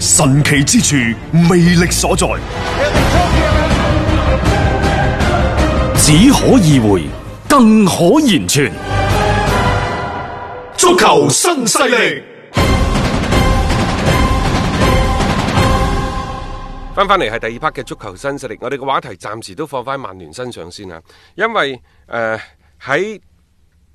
神奇之處，魅力所在，只可意會，更可言傳。足球新勢力，翻翻嚟係第二 part 嘅足球新勢力。我哋嘅話題暫時都放翻曼聯身上先啊，因爲誒喺、呃、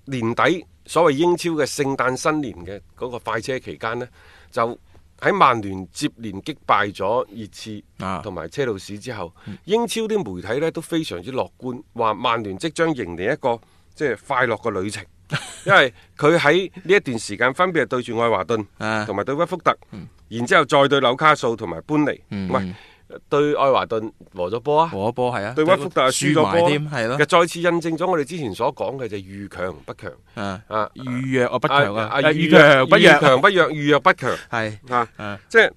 年底所謂英超嘅聖誕新年嘅嗰個快車期間呢，就。喺曼聯接連擊敗咗熱刺同埋、啊、車路士之後，嗯、英超啲媒體呢都非常之樂觀，話曼聯即將迎嚟一個即係快樂嘅旅程， 因為佢喺呢一段時間分別係對住愛華頓同埋對屈福特，嗯、然之後再對紐卡素同埋搬尼。嗯、唔係。對愛華頓和咗波啊，和咗波係啊，對屈福特輸咗波添，係咯，又再次印證咗我哋之前所講嘅就遇強不強，啊啊遇弱我不強啊，遇強不弱，遇弱不強，係的啊，即係的、啊就是、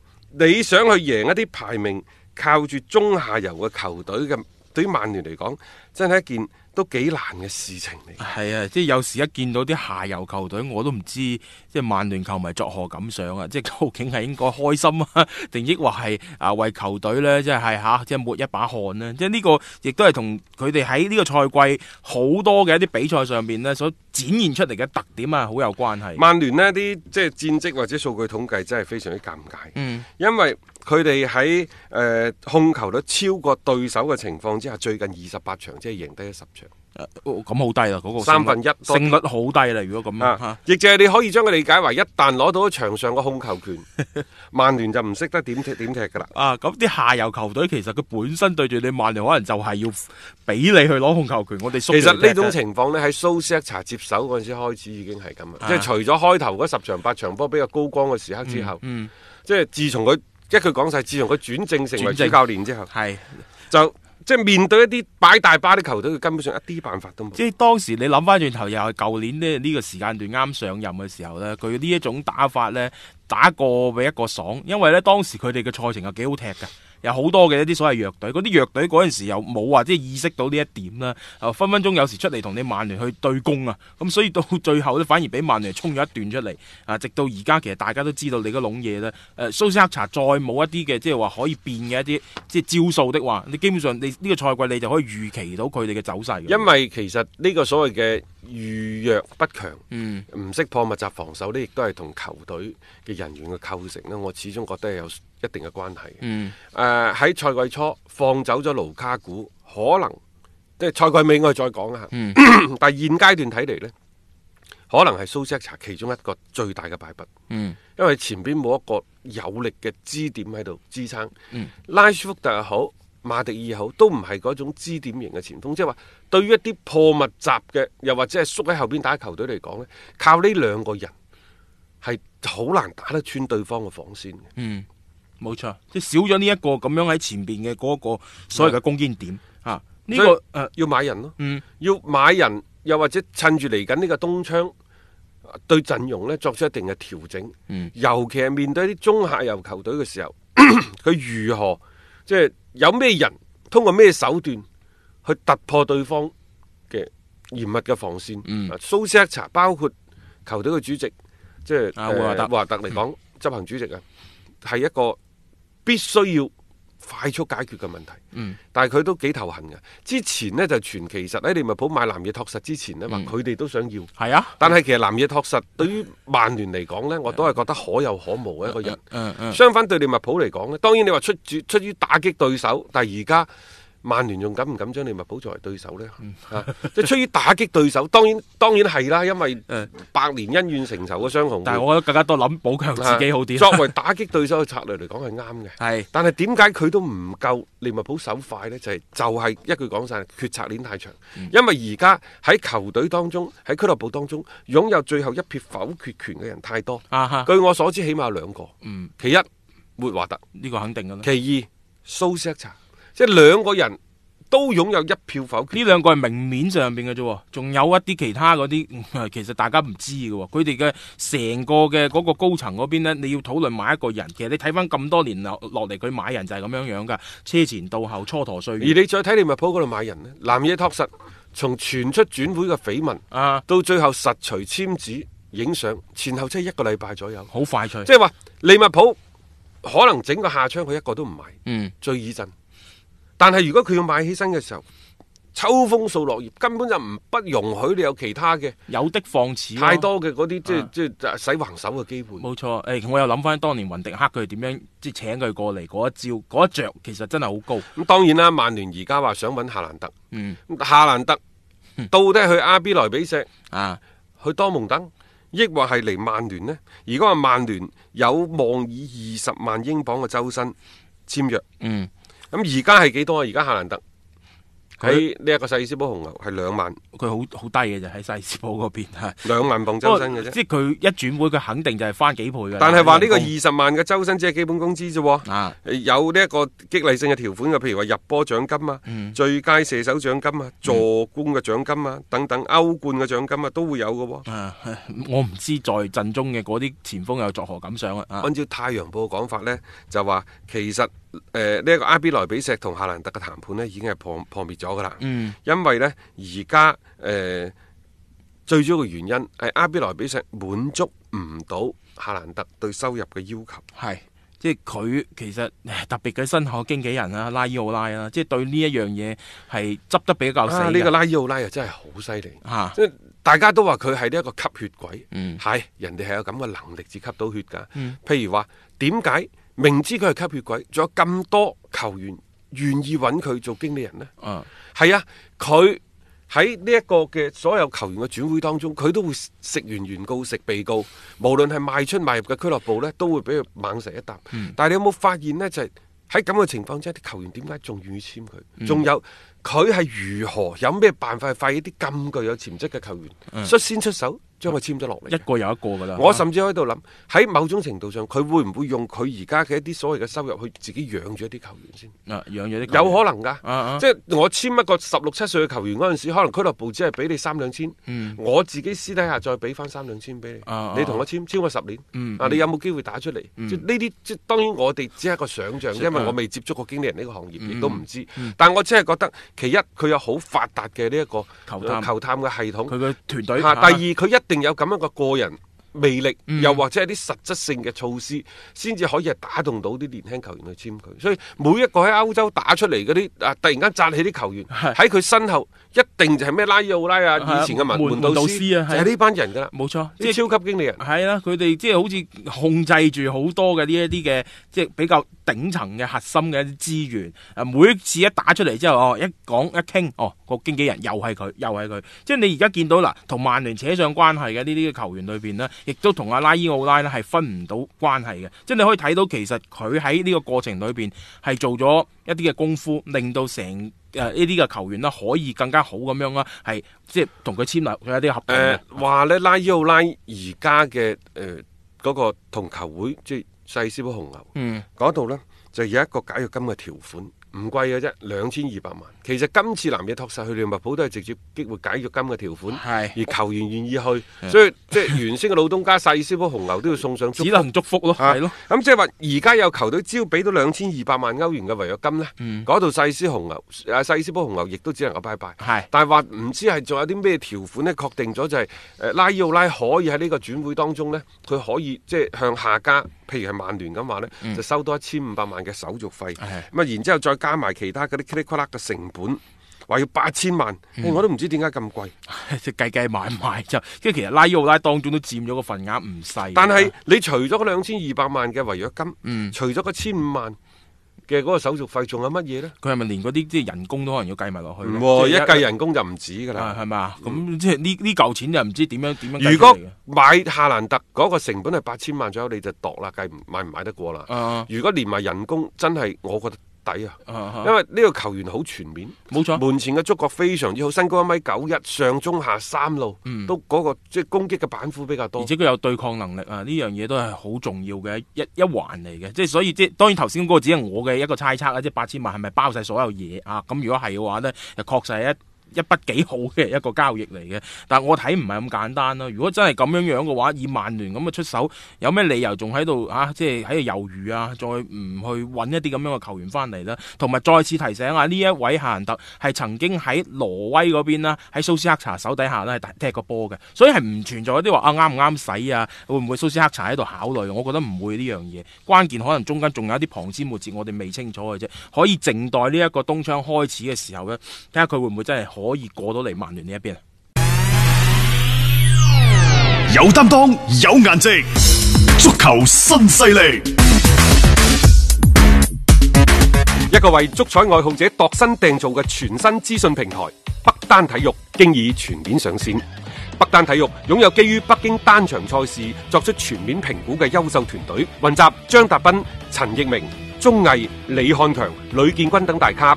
你想去贏一啲排名靠住中下游嘅球隊嘅，對於曼聯嚟講真係一件。都幾難嘅事情嚟，係啊！即係有時一見到啲下游球隊，我都唔知即係曼聯球迷作何感想啊！即係究竟係應該開心啊，定抑或係啊為球隊呢？即係吓、啊，即係抹一把汗呢、啊？即係呢、呢個亦都係同佢哋喺呢個賽季好多嘅一啲比賽上面呢所展現出嚟嘅特點啊，好有關係。曼聯呢啲即係戰績或者數據統計真係非常之尷尬，嗯，因為。佢哋喺誒控球率超過對手嘅情況之下，最近二十八場即係贏低咗十場，咁好、啊、低啦、啊！嗰個三分一勝率好低啦、啊！如果咁啊，亦、啊、就係你可以將佢理解為一旦攞到場上個控球權， 曼聯就唔識得點踢點踢噶啦！啊，咁啲下游球隊其實佢本身對住你曼聯，可能就係要俾你去攞控球權。我哋其實呢種情況呢，喺蘇斯查接手嗰陣時開始已經係咁啦，即係、啊啊、除咗開頭嗰十場八場波比較高光嘅時刻之後，即係自從佢。即係佢講晒，自從佢轉正成為主教練之後，係正就，是就即係面對一啲擺大巴啲球隊，佢根本上一啲辦法都冇。即係當時你諗翻轉頭，又係舊年咧呢個時間段啱上任嘅時候咧，佢呢一種打法咧，打過畀一個爽，因為咧當時佢哋嘅賽程係幾好踢噶。有好多嘅一啲所謂弱隊，嗰啲弱隊嗰陣時又冇話即係意識到呢一點啦，啊、呃、分分鐘有時出嚟同你曼聯去對攻啊，咁、嗯、所以到最後咧反而俾曼聯衝咗一段出嚟啊、呃，直到而家其實大家都知道你嗰籠嘢啦。誒、呃、蘇斯克查再冇一啲嘅即係話可以變嘅一啲即係招數的話，你基本上你呢、這個賽季你就可以預期到佢哋嘅走勢。因為其實呢個所謂嘅遇弱不強，唔識、嗯、破密集防守呢亦都係同球隊嘅人員嘅構成咧，我始終覺得係有。一定嘅關係、嗯呃，誒喺賽季初放走咗盧卡古，可能即係賽季尾我哋再講下。嗯、 但係現階段睇嚟呢，可能係蘇斯查其中一個最大嘅敗筆。嗯，因為前邊冇一個有力嘅支點喺度支撐。嗯、拉舒福特又好，馬迪爾好，都唔係嗰種支點型嘅前鋒。即係話，對於一啲破密集嘅，又或者係縮喺後邊打球隊嚟講呢，靠呢兩個人係好難打得穿對方嘅防線嘅。嗯。冇錯，即係少咗呢一個咁樣喺前邊嘅個所謂嘅攻堅點啊！呢、啊這個誒要買人咯，嗯，要買人，又或者趁住嚟緊呢個冬窗，對陣容咧作出一定嘅調整，嗯，尤其係面對啲中下游球隊嘅時候，佢、嗯、 如何即係、就是、有咩人通過咩手段去突破對方嘅嚴密嘅防線？嗯，蘇錫查包括球隊嘅主席，即係阿華特華特嚟講執行主席啊，係一個，必須要快速解決嘅問題，嗯、但係佢都幾頭痕嘅。之前呢，就傳其實喺利物浦買南野拓實之前呢，話佢哋都想要。係啊，但係其實南野拓實對於曼聯嚟講呢，我都係覺得可有可無嘅一個人。嗯嗯嗯嗯嗯、相反對利物浦嚟講呢，當然你話出出於打擊對手，但係而家。曼聯仲敢唔敢將利物浦作為對手呢？即係、 啊就是、出於打擊對手，當然當然係啦、啊，因為誒百年恩怨成仇嘅雙雄。 但係我覺得更加多諗補強自己好啲、啊。作為打擊對手嘅策略嚟講係啱嘅。係 是，但係點解佢都唔夠利物浦手快呢？就係、是、就係一句講晒：「決策鏈太長。嗯、因為而家喺球隊當中，喺俱樂部當中，擁有最後一撇否決權嘅人太多。啊哈據我所知，起碼有兩個。嗯，其一沒華特，呢個肯定嘅啦。其二蘇斯察。即係兩個人都擁有一票否決，呢兩個係明面上邊嘅啫，仲有一啲其他嗰啲，其實大家唔知嘅。佢哋嘅成個嘅嗰個高層嗰邊呢，你要討論買一個人，其實你睇翻咁多年落嚟，佢買人就係咁樣樣噶，車前到後蹉跎歲月。而你再睇利物浦嗰度買人呢，南野拓實，從傳出轉會嘅緋聞啊，到最後實錘簽紙、影相，前後即係一個禮拜左右，好快脆。即係話利物浦可能整個下窗佢一個都唔買，嗯，最以震。但係如果佢要買起身嘅時候，秋風掃落葉，根本就唔不容許你有其他嘅，有的放矢，太多嘅嗰啲即係即係使橫手嘅機會。冇錯，誒、欸，我又諗翻當年雲迪克佢哋點樣，即係請佢過嚟嗰一招，嗰一着其實真係好高。咁當然啦，曼聯而家話想搵夏蘭特，嗯，夏蘭特、嗯、到底去阿比萊比錫啊，去多蒙登，抑或係嚟曼聯呢？如果話曼聯有望以二十萬英鎊嘅周薪簽約，嗯。咁而家係幾多啊？而家夏蘭德喺呢一個細斯堡紅牛係兩萬，佢好好低嘅就喺細斯堡嗰邊吓，兩 萬鎊周薪嘅啫。即係佢一轉會，佢肯定就係翻幾倍嘅。但係話呢個二十萬嘅周薪只係基本工資啫，啊，有呢一個激勵性嘅條款嘅，譬如話入波獎金啊、嗯、最佳射手獎金啊、助攻嘅獎金啊、嗯、等等，歐冠嘅獎金啊都會有嘅、啊。啊，我唔知在陣中嘅嗰啲前鋒又作何感想啊？啊按照太陽報嘅講法呢，就話其實。誒，呢一、呃這個阿比萊比錫同夏蘭特嘅談判咧，已經係破破滅咗噶啦。嗯，因為呢，而家誒，最主要嘅原因係阿比萊比錫滿足唔到夏蘭特對收入嘅要求。係，即係佢其實特別嘅身後經紀人啊，拉伊奧拉啊，即係對呢一樣嘢係執得比較細。呢、啊這個拉伊奧拉啊，真係好犀利吓，啊、即大家都話佢係呢一個吸血鬼。嗯，係，人哋係有咁嘅能力至吸到血噶、嗯。譬如話點解？明知佢係吸血鬼，仲有咁多球員願意揾佢做經理人呢？啊，係啊，佢喺呢一個嘅所有球員嘅轉會當中，佢都會食完原告食被告，無論係賣出賣入嘅俱樂部呢，都會俾佢猛食一啖。嗯、但係你有冇發現呢？就係喺咁嘅情況之下，啲球員點解仲願意簽佢？仲、嗯、有佢係如何有咩辦法去發現啲咁具有潛質嘅球員？嗯嗯、率先出手。將佢簽咗落嚟，一個又一個噶啦。我甚至喺度諗，喺某種程度上，佢會唔會用佢而家嘅一啲所謂嘅收入去自己養住一啲球員先？啊，養有可能㗎。即係我簽一個十六七歲嘅球員嗰陣時，可能俱樂部只係俾你三兩千。我自己私底下再俾翻三兩千俾你。你同我簽，超過十年。你有冇機會打出嚟？嗯，呢啲即係當然我哋只係一個想像，因為我未接觸過經理人呢個行業，亦都唔知。但我只係覺得，其一，佢有好發達嘅呢一個球探嘅系統。佢嘅團隊。第二，佢一定有咁樣個個人魅力，又或者係啲實質性嘅措施，先至可以係打動到啲年輕球員去簽佢。所以每一個喺歐洲打出嚟嗰啲啊，突然間紮起啲球員喺佢身後。一定就係咩拉伊奧拉啊！以前嘅門門導，門導師啊，就係呢班人噶啦，冇錯，即係超級經理人。係啦，佢哋即係好似控制住好多嘅呢一啲嘅，即係比較頂層嘅核心嘅一啲資源。啊，每一次一打出嚟之後，哦，一講一傾，哦，個經紀人又係佢，又係佢。即係你而家見到嗱，同曼聯扯上關係嘅呢啲嘅球員裏邊呢，亦都同阿拉伊奧拉呢係分唔到關係嘅。即係你可以睇到，其實佢喺呢個過程裏邊係做咗一啲嘅功夫，令到成。誒呢啲嘅球員咧，可以更加好咁樣啦，係即係同佢簽立佢一啲合同。誒話咧，拉伊奧拉而家嘅誒嗰個同球會即係薩爾斯堡紅牛，嗯呢，嗰度咧就有一個解約金嘅條款。唔貴嘅啫，兩千二百萬。其實今次南野拓實去利物浦都係直接激活解約金嘅條款，而球員願意去，所以即係原先嘅老東家細絲波紅牛都要送上只能祝福咯，係咯。咁即係話而家有球隊只要俾到兩千二百萬歐元嘅違約金呢，嗰度細絲紅牛啊細絲波紅牛亦都只能夠拜拜。係，但係話唔知係仲有啲咩條款咧？確定咗就係誒拉伊奧拉可以喺呢個轉會當中呢，佢可以即係向下家，譬如係曼聯咁話呢，就收多一千五百萬嘅手續費。咁啊然之後再。加埋其他嗰啲嘰里呱啦嘅成本，話要八千萬，嗯欸，我都唔知點解咁貴，即係計計埋埋就，跟住其實拉伊奧拉當中都佔咗個份額唔細。但係你除咗嗰兩千二百萬嘅違約金，嗯、除咗嗰千五萬嘅嗰個手續費，仲有乜嘢咧？佢係咪連嗰啲即係人工都可能要計埋落去？唔、哦、一計人工就唔止噶啦，係嘛，啊？咁、嗯、即係呢呢嚿錢又唔知點樣點樣。樣如果買夏蘭特嗰個成本係八千萬左右，你就度啦，計唔買唔買得過啦。啊、如果連埋人工真，真係我覺得。底啊，因為呢個球員好全面，冇錯、啊，門前嘅觸覺非常之好，身高一米九一，上中下三路，嗯、都嗰、嗰個即係攻擊嘅板斧比較多，而且佢有對抗能力啊，呢樣嘢都係好重要嘅，一一環嚟嘅，即係所以即係當然頭先嗰個只係我嘅一個猜測啊，即係八千萬係咪包晒所有嘢啊？咁如果係嘅話呢，就確實係一。一筆幾好嘅一個交易嚟嘅，但係我睇唔係咁簡單咯、啊。如果真係咁樣樣嘅話，以曼聯咁嘅出手，有咩理由仲喺度嚇，即係喺度猶豫啊，再唔去揾一啲咁樣嘅球員翻嚟咧？同埋再次提醒下、啊、呢一位夏蘭特係曾經喺挪威嗰邊啦，喺蘇斯克查手底下呢，係踢過波嘅，所以係唔存在一啲話啊啱唔啱使啊，會唔會蘇斯克查喺度考慮？我覺得唔會呢樣嘢，關鍵可能中間仲有一啲旁枝末節我哋未清楚嘅啫，可以靜待呢一個冬窗開始嘅時候呢，睇下佢會唔會真係。可以過到嚟曼聯呢一邊，有擔當有顏值，足球新勢力，一個為足彩愛好者度身訂造嘅全新資訊平台北單體育，經已全面上線。北單體育擁有基於北京單場賽事作出全面評估嘅優秀團隊，雲集張達斌、陳奕明、鐘毅、李漢強、呂建軍等大咖。